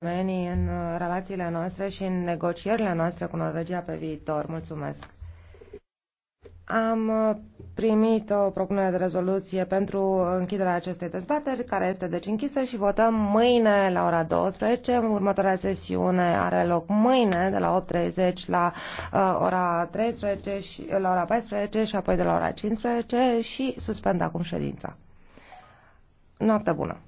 domenii în uh, relațiile noastre și în negocierile noastre cu Norvegia pe viitor. Mulțumesc! Am uh, primit o propunere de rezoluție pentru închiderea acestei dezbateri, care este deci închisă și votăm mâine la ora 12. Următoarea sesiune are loc mâine de la 8.30 la uh, ora 13 și uh, la ora 14 și apoi de la ora 15 și suspend acum ședința. Noapte bună!